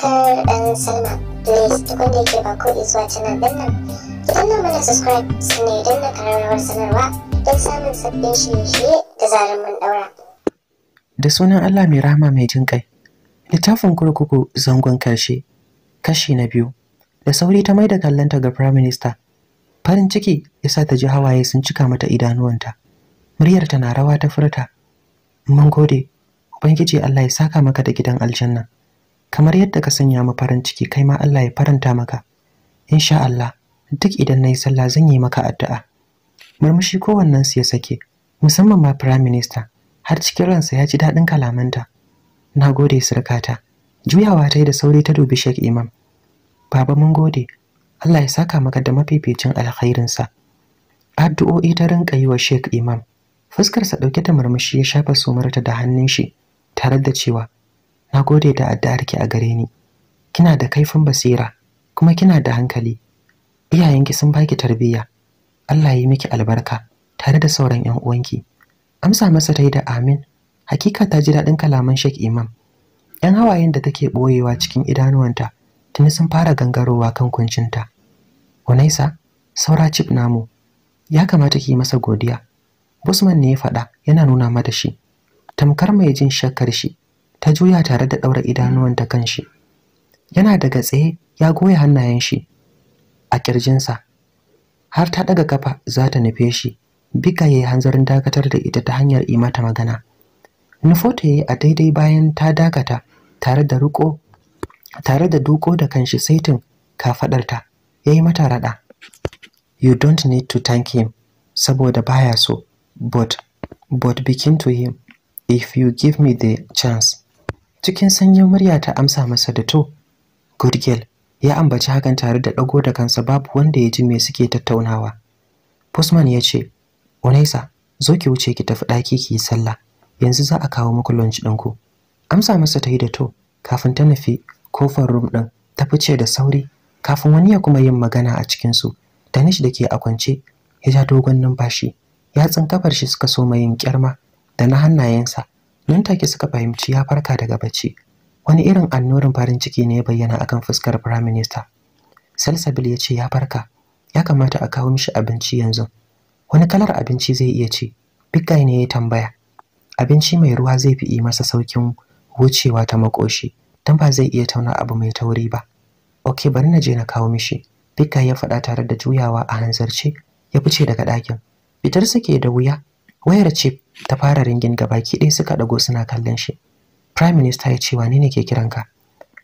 subscribe and sign up. Please da subscribe sanarwa don samun sabbin da sunan Allah mai rahama mai jin kai. Littafin kurkuku zangon karshe kashi na biyu. Da sauri ta maida kallonta ga Prime Minister. Farin ciki ya ta ji hawaye sun cika mata idanuwanta. Muryar ta na rawa ta furta. Mun gode, Ubangiji Allah ya saka maka da gidan aljanna. kamar yadda ka sanya mu farin ciki kai ma Allah ya faranta maka insha Allah duk idan nayi sallah zan yi maka addu'a murmushi kowannen su ya sake musamman ma prime minister har cikin ransa ya ji daɗin kalamanta nagode surkata juyawa ta yi da sauri ta dubi shek Imam baba mun gode Allah ya saka maka da mafificin alkhairinsa addu'o'i ta rinka yi wa Imam fuskarsa ɗauke da murmushi ya shafa sumarta da hannun shi tare da cewa na gode da addu'arki a gare ni kina da kaifin basira kuma kina da hankali iyayenki sun baki tarbiyya Allah yi miki albarka tare da sauran 'yan uwanki amsa masa ta yi da amin hakika ta ji daɗin kalaman Sheikh Imam Yan hawayen da take ɓoyewa cikin idanuwanta tuni sun fara gangarowa kan kuncinta Unaisa saura chip namu ya kamata ki masa godiya Busman ne ya faɗa yana nuna mata shi tamkar mai jin shakkar shi ta juya tare da ɗaura idanuwanta kan shi yana daga tsaye ya goya hannayen shi a kirjinsa har ta ɗaga kafa za ta nufe shi bika ya yi hanzarin dakatar da ita ta hanyar yi mata magana nufota ya yi a daidai bayan ta dakata tare da da duko da kanshi saitin kafaɗarta ya yi mata raɗa you don't need to thank him saboda baya so but but begin to him if you give me the chance cikin sanyin murya ta amsa masa da to good girl ya ambaci hakan tare da ɗago da kansa babu wanda ya ji me suke tattaunawa postman ya ce unaisa zo ki wuce ki tafi ɗaki ki yi sallah yanzu za a kawo muku lunch ɗinku amsa masa ta yi da to kafin ta nufi kofar room ɗin ta fice da sauri kafin wani ya kuma yin magana a cikinsu danish da ke a kwance ya ja dogon numfashi yatsun kafar shi suka soma yin kyarma da na hannayensa nan take suka fahimci ya farka daga bacci wani irin annorin farin ciki ne ya bayyana akan fuskar prime minister salsabil ya ce ya farka ya kamata a kawo mishi abinci yanzu wani kalar abinci zai iya ci bigai ne ya tambaya abinci mai ruwa zai fi masa saukin wucewa ta makoshi don ba zai iya tauna abu mai tauri ba ok bari na je na kawo mishi bigai ya faɗa tare da juyawa a hanzarce ya fice daga ɗakin fitar suke da wuya wayar ce ta fara ringin ga baki ɗaya suka ɗago suna kallon shi prime minister ya ce wane ne ke ka.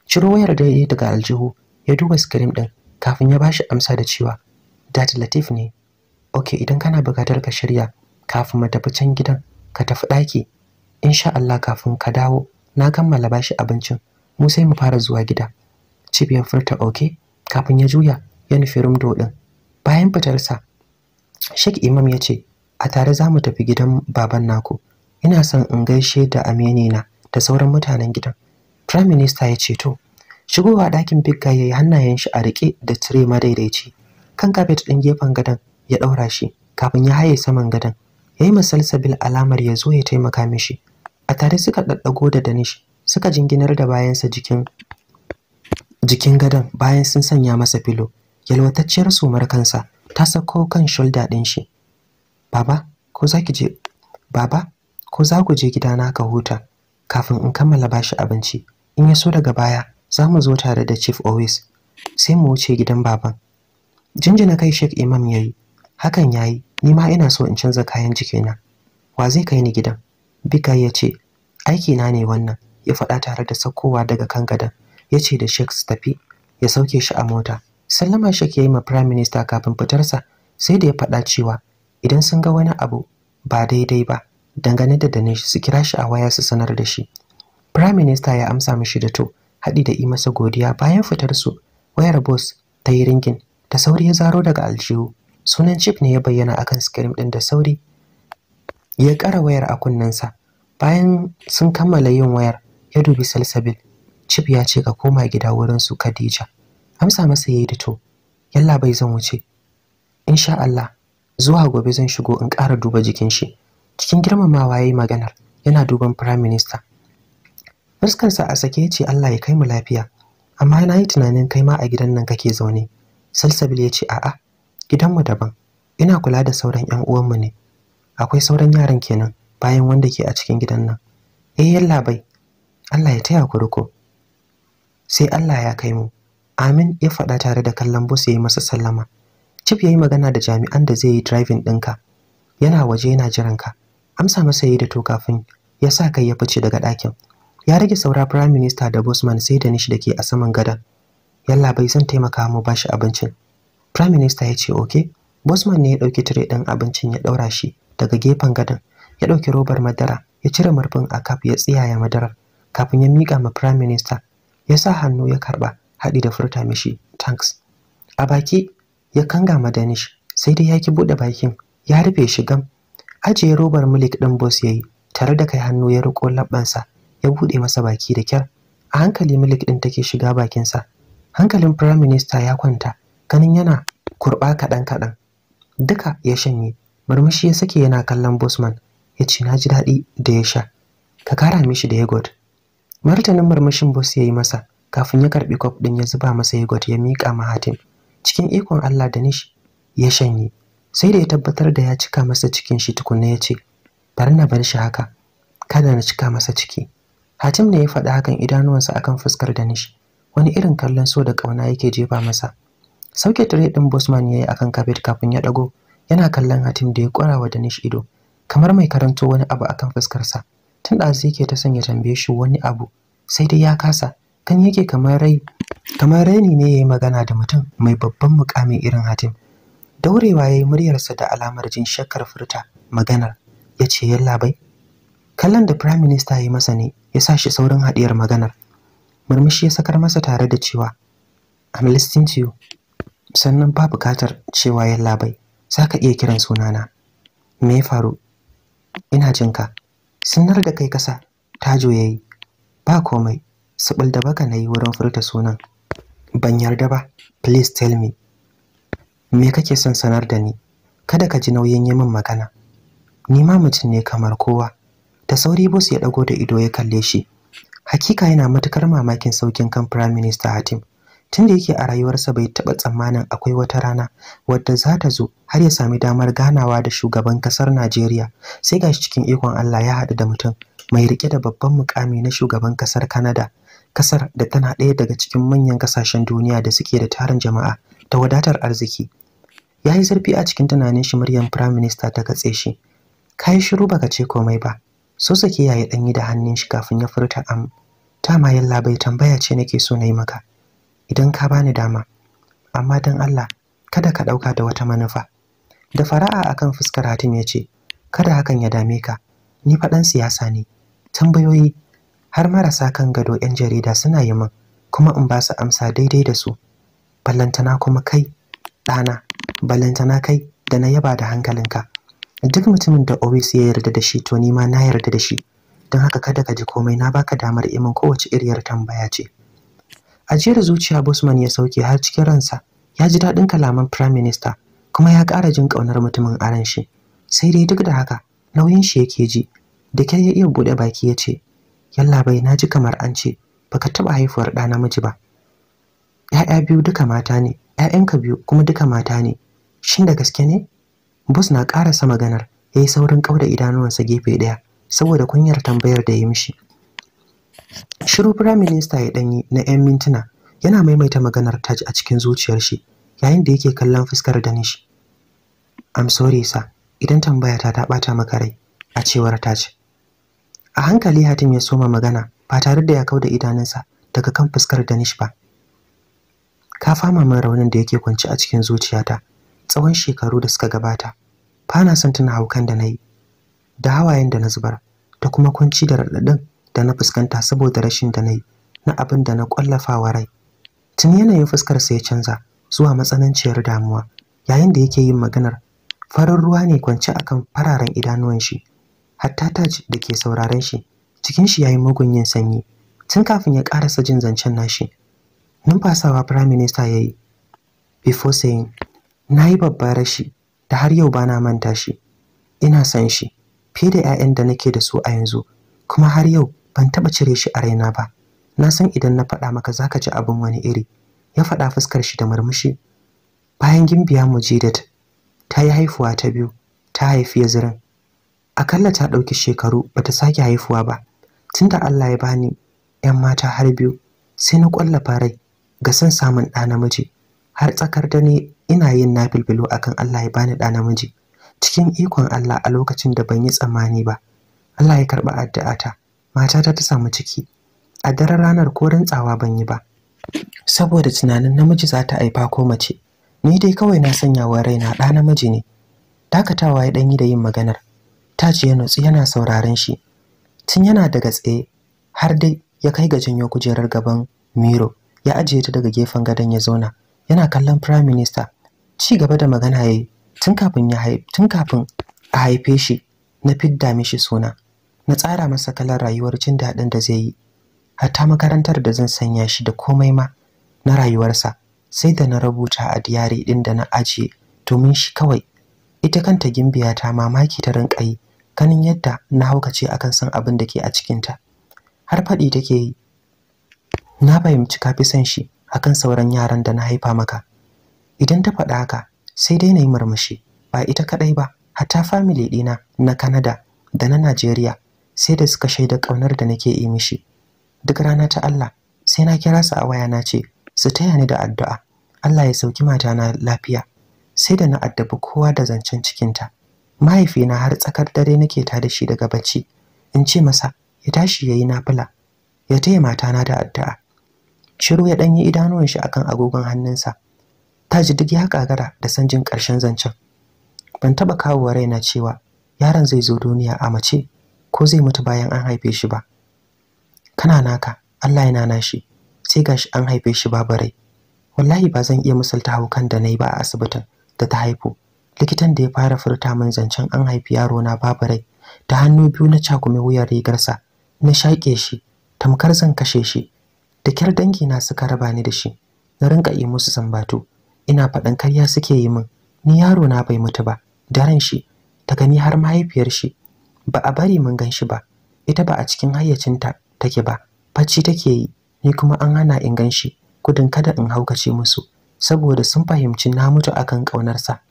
ciro wayar da ya daga aljihu ya duba screen ɗin kafin ya bashi amsa da cewa dat latif ne ok idan kana buƙatar ka shirya kafin mu tafi can gidan ka tafi ɗaki insha Allah kafin ka dawo na kammala bashi abincin mu sai mu fara zuwa gida ya furta ok kafin ya juya ya nufi rumdo din bayan fitarsa Sheikh Imam ya ce a tare za mu tafi gidan baban naku ina son in gaishe da amenina da sauran mutanen gidan prime minister ya ce to shigowa dakin bigga ya yi hannayen shi a riƙe da tire madaidaici kan kafet ɗin gefen gadon ya ɗaura shi kafin ya haye saman gadon ya yi masalsabil alamar ya zo ya taimaka mishi a tare suka ɗaɗɗago da danish suka jinginar da bayansa jikin jikin gadon bayan sun sanya masa filo yalwatacciyar sumar kansa ta sako kan shulda ɗin shi baba ko za ki je baba ko za ku je gidana ka huta kafin in kammala bashi abinci in ya so daga baya za mu zo tare da chief always sai mu wuce gidan baban jinjina kai shek imam ya yi hakan ya yi ni ma ina so in canza kayan jikina wa zai kai ni gidan bika ya ce aiki na ne wannan ya faɗa tare da saukowa daga kan gadon ya ce da shek su tafi ya sauke shi a mota sallama shek ya yi ma prime minister kafin fitarsa sai da ya faɗa cewa idan sun ga wani abu ba daidai ba dangane da dane su kira shi a waya su sanar da shi Prime Minister ya amsa mishi da to haɗi da yi masa godiya bayan fitar su wayar boss ta yi ringin da sauri ya zaro daga aljihu sunan chip ne ya bayyana akan screen din da sauri ya ƙara wayar a sa, bayan sun kammala yin wayar ya dubi salsabil chip ya ce ka koma gida wurin su Khadija amsa masa yayi da to yalla bai zan wuce insha Allah zuwa gobe zan shigo in ƙara duba jikin shi cikin girmamawa yayi maganar yana duban prime minister fuskarsa a sake ya ce Allah ya kai mu lafiya amma na yi tunanin kai ma a gidan nan kake zaune salsabil ya ce a'a gidanmu daban ina kula da sauran yan uwanmu ne akwai sauran yaran kenan bayan wanda ke a cikin gidan nan eh yalla bai Allah ya taya ku riko sai Allah ya kai mu amin ya faɗa tare da kallon bus ya yi masa sallama Chip ya yi magana da jami'an da zai yi driving ɗinka. Yana waje yana jiran ka. Amsa masa yi da to kafin ya sa kai ya fice daga ɗakin. Ya rage saura Prime Minister da Bosman sai da nishi da ke a saman gadon. Yalla bai zan taimaka mu ba shi abincin. Prime Minister ya ce okay. Bosman ne ya ɗauki tire ɗin abincin ya ɗaura shi daga gefen gadon. Ya ɗauki robar madara ya cire murfin a kaf ya tsiyaya madarar kafin ya mika ma Prime Minister. Ya sa hannu ya karɓa haɗi da furta mishi tanks. A baki ya kangama danish sai dai ya ki buɗe bakin ya rufe shi gam ajiye robar milik ɗin boss yayi tare da kai hannu ya riko labbansa ya buɗe masa baki da kyar a hankali milik ɗin take shiga bakinsa hankalin prime minister ya kwanta kanin yana kurɓa kaɗan kaɗan duka ya shanye murmushi ya sake yana kallon bosman ya ce na ji daɗi da ya sha ka kara mishi da yagot martanin murmushin boss ya yi masa kafin ya karɓi kwaf ɗin ya zuba masa yagot ya miƙa mahatin cikin ikon Allah da nishi ya shanye sai da ya tabbatar da ya cika masa cikin shi tukunna ya ce bari na bar shi haka kada na cika masa ciki Hatim ne ya faɗi hakan idanuwansa akan fuskar Danish wani irin kallon so da ƙauna yake jefa masa sauke tare din Bosman yayi akan kafet kafin ya ɗago, yana kallon Hatim da ya kwarawa Danish ido kamar mai karanto wani abu akan fuskarsa tun da yake ta sanya tambaye shi wani abu sai dai ya kasa kan yake kamar rai kamar raini ne ya yi magana da mutum mai babban mukamin irin hatim daurewa ya yi muryarsa da alamar jin shakkar furta maganar ya ce yallaɓai kallon da prime minister ya yi masa ne ya sa shi saurin haɗiyar maganar murmushi ya sakar masa tare da cewa I'm listening to you sannan ba buƙatar cewa yallaɓai za ka iya kiran sunana me ya faru ina jinka sanar da kai kasa tajo ya yi ba komai subul da baka na yi wurin furta sunan ban yarda ba please tell me me kake son sanar da ni kada ka ji nauyin yi min magana ni ma mutum ne kamar kowa da sauri boss ya dago da ido ya kalle shi hakika yana matukar mamakin saukin kan prime minister Hatim tunda yake a rayuwarsa bai taba tsammanin akwai wata rana wadda za ta zo har ya sami damar ganawa da shugaban kasar Najeriya sai gashi cikin ikon Allah ya haɗu da mutum mai rike da babban mukami na shugaban kasar Canada kasar da tana ɗaya daga cikin manyan kasashen duniya da suke da tarin jama'a da wadatar arziki ya yi zurfi a cikin tunanin shi muryar firayim minista ta katse shi ka yi shiru baka ce komai ba so sake yayi ɗanyi da hannun shi kafin ya furta am ta yalla bai tambaya ce nake so na yi maka idan ka bani dama amma don allah kada ka ɗauka da wata manufa da fara'a akan fuskar hatim ya ce kada hakan ya dame ka ni faɗan siyasa ne tambayoyi har marasa kan gado 'yan jarida suna yi min kuma in ba su amsa daidai da su ballantana kuma kai ɗana ballantana kai da na yaba da hankalinka duk mutumin da always ya yarda da shi to ni ma na yarda da shi don haka kada ka ji komai na baka damar imin kowace iriyar tambaya ce ajiyar zuciya bosman ya sauke har cikin ransa ya ji daɗin kalaman prime minister kuma ya ƙara jin ƙaunar mutumin aran shi sai dai duk da haka nauyin shi yake ji da kyan ya iya buɗe baki ya ce Yallabai, na ji kamar an ce baka taɓa haifuwar ɗa namiji ba ‘ya'ya biyu duka mata ne ‘ya'yanka biyu kuma duka mata ne shin da gaske ne bus na ƙarasa maganar yayi saurin kauda idanuwansa gefe ɗaya saboda kunyar tambayar da ya mishi shiru firaminista ya danyi na 'yan mintuna yana maimaita maganar taj a cikin zuciyar shi yayin da yake kallon fuskar danish i'm sorry sir idan tambayata ta ɓata maka rai a cewar taj a hankali hatim ya soma magana ba tare da ya kau da idanunsa daga kan fuskar danish ba ka fama min raunin da yake kwance a cikin zuciyata tsawon shekaru da suka gabata ba na son tuna haukan da na yi da hawayen da na zubar da kuma kwanci da raɗaɗin da na fuskanta saboda rashin da na yi na abin da na wa rai tun yanayin fuskarsa ya canza zuwa matsananciyar damuwa yayin da yake yin maganar farin ruwa ne kwance akan fararen idanuwan shi hatta taj da ke sauraren shi cikin shi yayi mugun yin sanyi tun kafin ya karasa jin zancen nashi numfasawa prime minister yayi before saying nayi babbar rashi da har yau bana manta shi ina san shi fiye da 'ya'yan da nake da su a yanzu kuma har yau ban taba cire shi a raina ba na san idan na faɗa maka zaka ji abin wani iri ya faɗa fuskar shi da murmushi bayan gimbiya mujidat ta yi haifuwa ta biyu ta haifi yazirin akalla ta ɗauki shekaru bata sake haifuwa ba tunda Allah ya bani 'yan mata har biyu sai na ƙwalla farai ga san samun ɗa namiji har tsakar dane ina yin na bilbilo akan Allah ya bani ɗa namiji cikin ikon Allah a lokacin da ban yi tsammani ba Allah ya karɓi ta, matata ta samu ciki a daren ranar ko rantsawa ban yi ba saboda tunanin namiji za ta haifa ko mace ni dai kawai na sanya wa raina ɗa namiji ne dakatawa ya ɗan yi da yin maganar Ta ya nutsu yana sauraren shi. Tun yana daga tsaye har dai ya kai ga janyo kujerar gaban Miro ya ajiye ta daga gefen gadon ya zauna yana kallon Prime Minister ci gaba da magana yayi tun kafin ya tun kafin a haife shi na fidda mishi suna na tsara masa kalar rayuwar jin daɗin da zai yi hatta makarantar da zan sanya shi da komai ma na rayuwarsa sai da na rubuta a diyari ɗin da na ajiye domin shi kawai ita kanta gimbiya ta mamaki ta rinƙa yi ganin yadda na ce akan san abin da ke a cikin ta har faɗi take yi na fahimci kafi san son shi akan sauran yaran da na haifa maka idan ta faɗa haka sai dai na yi murmushi ba ita kadai ba hatta family ɗina na Canada da na Najeriya sai da suka shaida kaunar da nake yi mishi duk rana ta Allah sai na kira su a waya na ce su taya ni da addu'a Allah ya sauki mata na lafiya sai da na addabi kowa da zancen cikinta mahaifina har tsakar dare nake da shi daga bacci in ce masa ya tashi yayi nafila ya taya matana da addu'a shiru ya danyi idanuwan shi akan agogon hannunsa ji duk ya kagara da san jin karshen zancen ban taba kawowa raina cewa yaron zai zo duniya a mace ko zai mutu bayan an haife shi ba kana naka Allah yana nashi sai gashi an haife shi babu rai wallahi ba zan iya misalta haukan da nayi ba a asibitin da ta haifu likitan da ya fara furta min zancen an haifi yaro na babu rai da hannu biyu na cakume wuyar rigarsa na shaƙe shi tamkar zan kashe shi da kyar dangi na suka raba ni da shi na rinka yi musu zambatu ina faɗin karya suke yi min ni yaro na bai mutu ba daren shi daga ni har mahaifiyar shi ba a bari mun ganshi ba ita ba a cikin hayyacinta take ba bacci take yi ni kuma an hana in ganshi. shi gudun kada in haukace musu saboda sun fahimci na mutu akan ƙaunarsa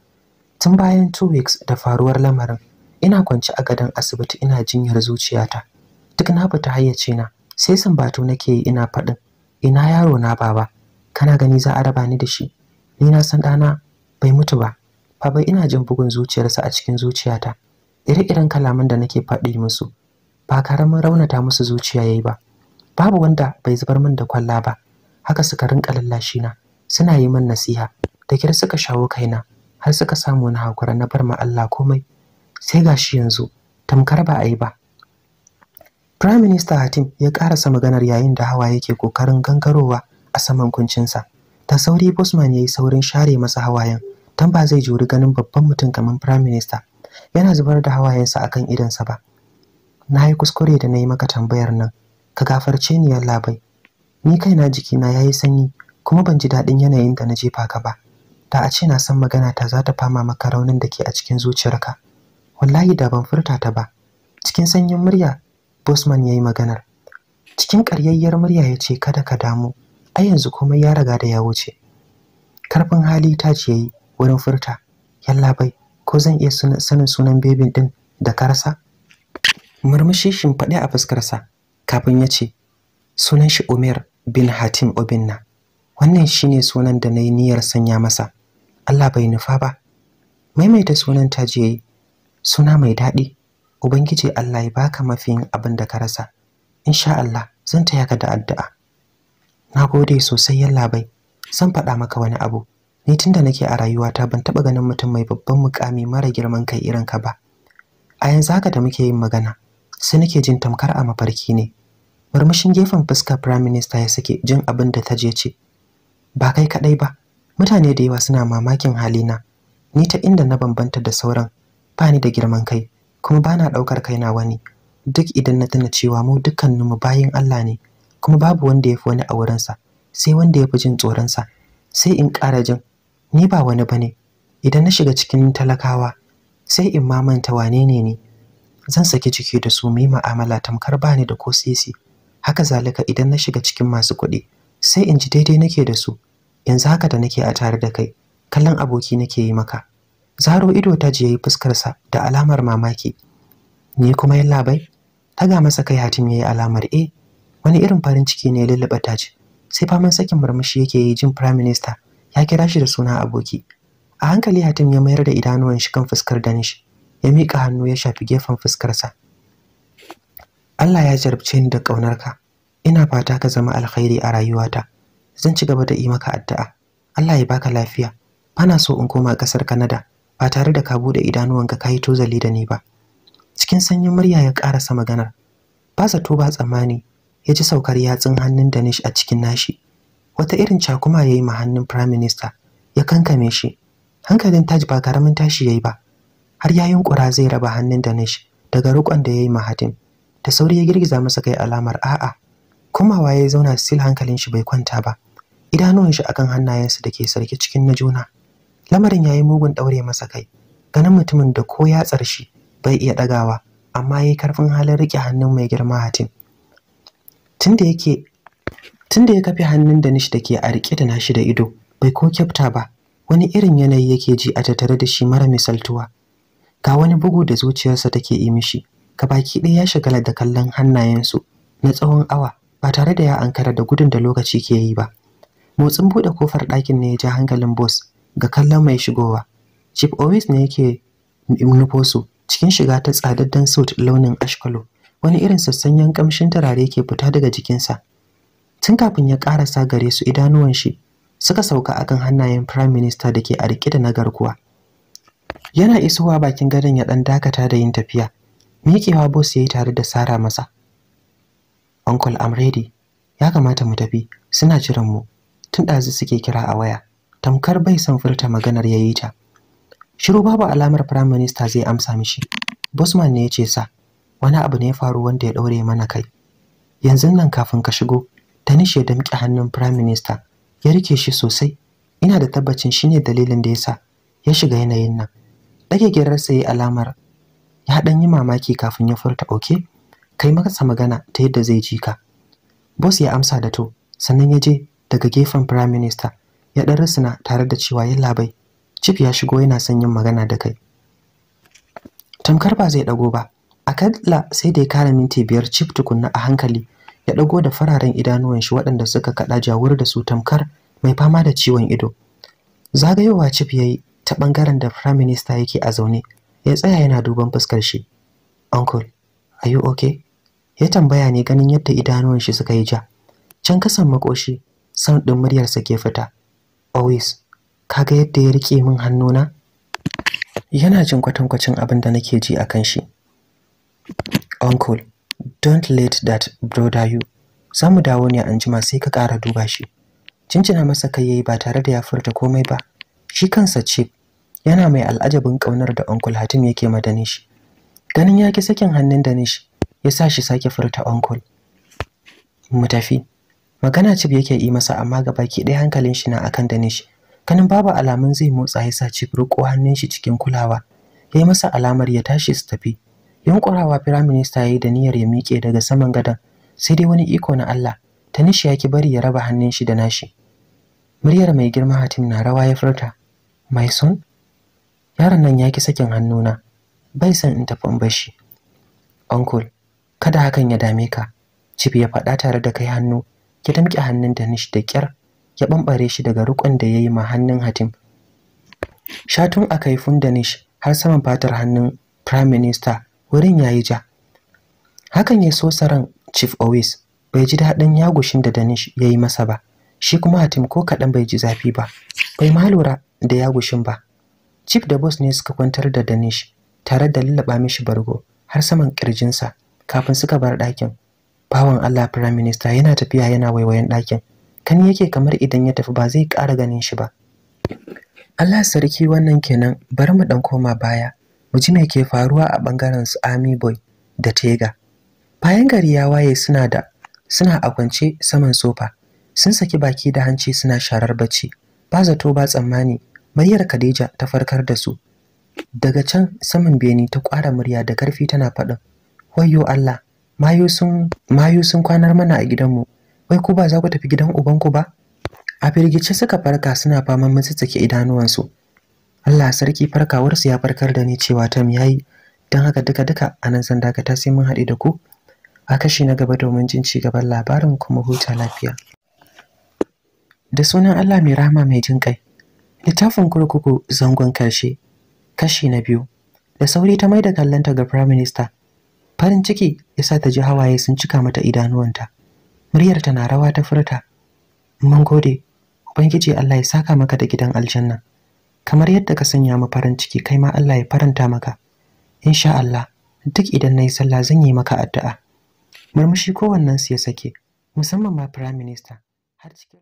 tun bayan two weeks da faruwar lamarin ina kwance a gadon asibiti ina jinyar zuciyata duk na fita hayyace na sai sumbato nake yi ina faɗin ina yaro na baba kana gani za a raba ni da shi ni na san ɗana bai mutu ba baba ina jin bugun zuciyarsa a cikin zuciyata ire-iren kalaman da nake faɗi musu ba karamin raunata musu zuciya yayi ba babu wanda bai zubar min da kwalla ba haka suka rinka lallashi na suna yi min nasiha da kyar suka shawo kaina har suka samu wani hakura na bar ma Allah komai sai gashi yanzu tamkar ba a yi ba Prime Minister Hatim ya karasa maganar yayin da hawa yake kokarin gangarowa a saman kuncinsa ta sauri Bosman ya yi saurin share masa hawayen tan ba zai juri ganin babban mutum kamar Prime Minister yana zubar da hawayensa a kan idonsa ba na yi kuskure da na yi maka tambayar nan ka gafarce ni yalla bai ni kaina jikina ya yi sanyi kuma ban ji daɗin yanayin da na jefa ka ba da a ce na san magana ta za ta fama maka raunin da ke a cikin zuciyarka wallahi da ban furta ta ba cikin sanyin murya bosman ya yi maganar cikin karyayyar murya ya ce kada ka damu a yanzu kuma ya riga da ya wuce karfin hali ta ce yi wurin furta yalla bai ko zan iya sanin sunan bebin din da karsa murmushi shimfaɗe a fuskarsa kafin ya ce sunan shi umar bin hatim obinna wannan shine sunan da na yi niyyar sanya masa Allah bai nufa ba maimaita sunan ta je suna mai daɗi ubangiji Allah ya baka yin abin da ka rasa insha Allah zan taya ka da addu'a gode sosai yalla bai zan faɗa maka wani abu ni tunda nake a rayuwata ban taɓa ganin mutum mai babban mukami mara girman kai irin ka ba a yanzu haka da muke yin magana sai nake jin tamkar a mafarki ne murmushin gefen fuskar firaminista ya sake jin abin da ta je ce ba kai kaɗai ba mutane da yawa suna mamakin halina ni ta inda na bambanta da sauran ba ni da girman kai kuma ba na ɗaukar kaina wani duk idan na tana cewa mu mu bayin Allah ne kuma babu wanda ya fi wani a wurinsa sai wanda ya fi jin tsoronsa sai in ƙara jin ni ba wani ba ne idan na shiga cikin talakawa sai in mamanta wane ne ne zan saki ciki da su mu yi ma'amala tamkar bani da ko sisi haka zalika idan na shiga cikin masu kuɗi sai in ji daidai nake da su yanzu haka da nake a tare da kai kallon aboki nake yi maka zaro ido ta ji yayi fuskarsa da alamar mamaki ni kuma labai? Ta ga masa kai hatim yayi alamar e wani irin farin ciki ne ya ta ji sai faman sakin murmushi yake yi jin prime minister ya kira shi da suna aboki a hankali hatim ya mayar da idanuwan shi kan fuskar danish ya miƙa hannu ya shafi gefen fuskarsa Allah ya jarabce ni da ƙaunarka ina fata ka zama alkhairi a rayuwata zan ci gaba da yi maka addu'a Allah ya baka lafiya bana so in koma kasar Canada ba tare da ka bude ka kai tozali da ni ba cikin sanyin murya ya karasa maganar ba zato ba tsammani ya ji saukar yatsun hannun Danish a cikin nashi wata irin cakuma yayi ma hannun Prime Minister ya kankame shi hankalin Taj ba karamin tashi yayi ba har yayin kura zai raba hannun Danish daga rukon da yayi ma Hatim da sauri ya girgiza masa kai alamar a'a komawa ya zauna sil hankalin shi bai kwanta ba idanuwan shi akan hannayensu da ke sarki cikin na juna lamarin yayi mugun daure masa kai ganin mutumin da ko ya tsarshi bai iya dagawa amma yayi karfin halin rike hannun mai girma hatin. tunda yake tunda ya kafe hannun da nishi dake a rike da nashi da ido bai ko kyafta ba wani irin yanayi yake ji a tattare da shi mara misaltuwa ga wani bugu da zuciyarsa take yi mishi baki ɗaya ya shagala da kallon hannayensu na tsawon awa ba tare da ya ankara da gudun da lokaci ke yi ba motsin buɗe kofar ɗakin ne ya ja hankalin boss ga kallon mai shigowa chief owis ne yake nufosu cikin shiga ta tsadaddan suit launin ash ashkalo wani irin sassan kamshin turare ke fita daga jikinsa tun kafin ya karasa gare su idanuwan shi suka sauka akan hannayen prime minister da ke a rike da na garkuwa yana isowa bakin gadon ya ɗan dakata da yin tafiya miƙewa boss ya yi tare da sara masa Uncle I'm ready. Ya kamata mu tafi, suna jiran mu. Tun ɗazu suke kira a waya. Tamkar bai san furta maganar yayi ta. Shiru babu alamar Prime Minister zai amsa mishi. Bosman ne ya ce sa, wani abu ne ya faru wanda ya daure mana kai. Yanzu nan kafin ka shigo, shi ya damƙe hannun Prime Minister, ya rike shi sosai. Ina da tabbacin shine dalilin da yasa ya shiga yanayin nan. Ɗage gerarsa ya alamar ya dan yi mamaki kafin ya furta oke kai masa magana ta yadda zai ji ka boss ya amsa da to sannan ya je daga gefen prime minister ya dan rusuna tare da cewa yalla bai chief ya shigo yana son yin magana da kai tamkar ba zai dago ba a kalla sai da ya kare minti biyar chief tukunna a hankali ya dago da fararen idanuwan shi waɗanda suka kada jawur da su tamkar mai fama da ciwon ido zagayowa chief yayi ta bangaren da prime minister yake a zaune ya tsaya yana duban fuskar shi uncle are you okay ya tambaya ne ganin yadda idanuwan shi suka yi ja can kasan makoshi sound din sa ke fita always kaga yadda ya rike min hannuna yana jin kwatankwacin abin da nake ji akan shi uncle don't let that brother you samu dawo ne anjima sai ka ƙara duba shi cincina masa kai yayi ba tare da ya furta komai ba shi kansa ce yana mai al'ajabin ƙaunar da uncle hatim yake ma shi ganin ya ki sakin hannun da shi ya sa shi sake furta uncle mu tafi magana cib yake yi masa amma ga baki ɗaya hankalin shi na akan danish kanin babu alamun zai motsa ya sa cib ruko hannun shi cikin kulawa ya yi masa alamar ya tashi su tafi yankurawa firaminista ya yi da niyyar ya miƙe daga saman gadon sai dai wani iko na allah ta ya ki bari ya raba hannun shi da nashi muryar mai girma hatim na rawa ya furta Mai son yaron nan ya ki sakin hannuna bai san in tafi in bashi uncle kada hakan ya dame ka Cif ya faɗa tare da kai hannu ya damƙe hannun Danish da kyar ya bambare shi daga rukun da ya yi ma hannun Hatim. Shatun a kaifun Danish har saman fatar hannun Prime Minister wurin yayi ja. Hakan ya so saran Chief Owis bai ji daɗin yagushin da Danish ya yi masa ba, shi kuma Hatim ko kaɗan bai ji zafi ba, bai ma lura da yagushin ba. Chief da Boss ne suka kwantar da Danish tare da lullaɓa mishi bargo har saman ƙirjinsa. kafin suka bar ɗakin bawan Allah Prime Minister yana tafiya yana waiwayen ɗakin kan yake kamar idan ya tafi ba zai ƙara ganin shi ba Allah sarki wannan kenan bari mu ɗan koma baya mu ji me ke faruwa a ɓangaren su Army Boy da Tega bayan gari ya waye suna da suna a kwance saman sofa sun saki baki da hanci suna sharar bacci ba zato ba tsammani Maryar Khadija ta farkar da su daga can saman beni ta ƙwara murya da ƙarfi tana faɗin wayyo Allah mayu sun kwanar mana a gidanmu wai ku ba za ku tafi gidan ubanku ba a firgice suka farka suna faman mutsitsike idanuwansu Allah sarki farkawarsu ya farkar da ni cewa tam yayi don haka duka duka a anan zan dakata sai mun haɗe da ku a kashi na gaba domin jin ci gaban labarin kuma huta lafiya da sunan Allah mai rahama mai jin kai littafin kurkuku zangon karshe kashi na biyu da sauri ta mai da kallonta ga firaminista. farin ciki ya sa ta ji hawaye sun cika mata idanuwanta muryar ta na rawa ta furta mun gode ubangiji Allah ya saka maka da gidan aljanna kamar yadda ka sanya mu farin ciki kai ma Allah ya faranta maka insha Allah duk idan na yi sallah zan yi maka addu'a murmushi kowannensu ya sake musamman ma prime minister har cikin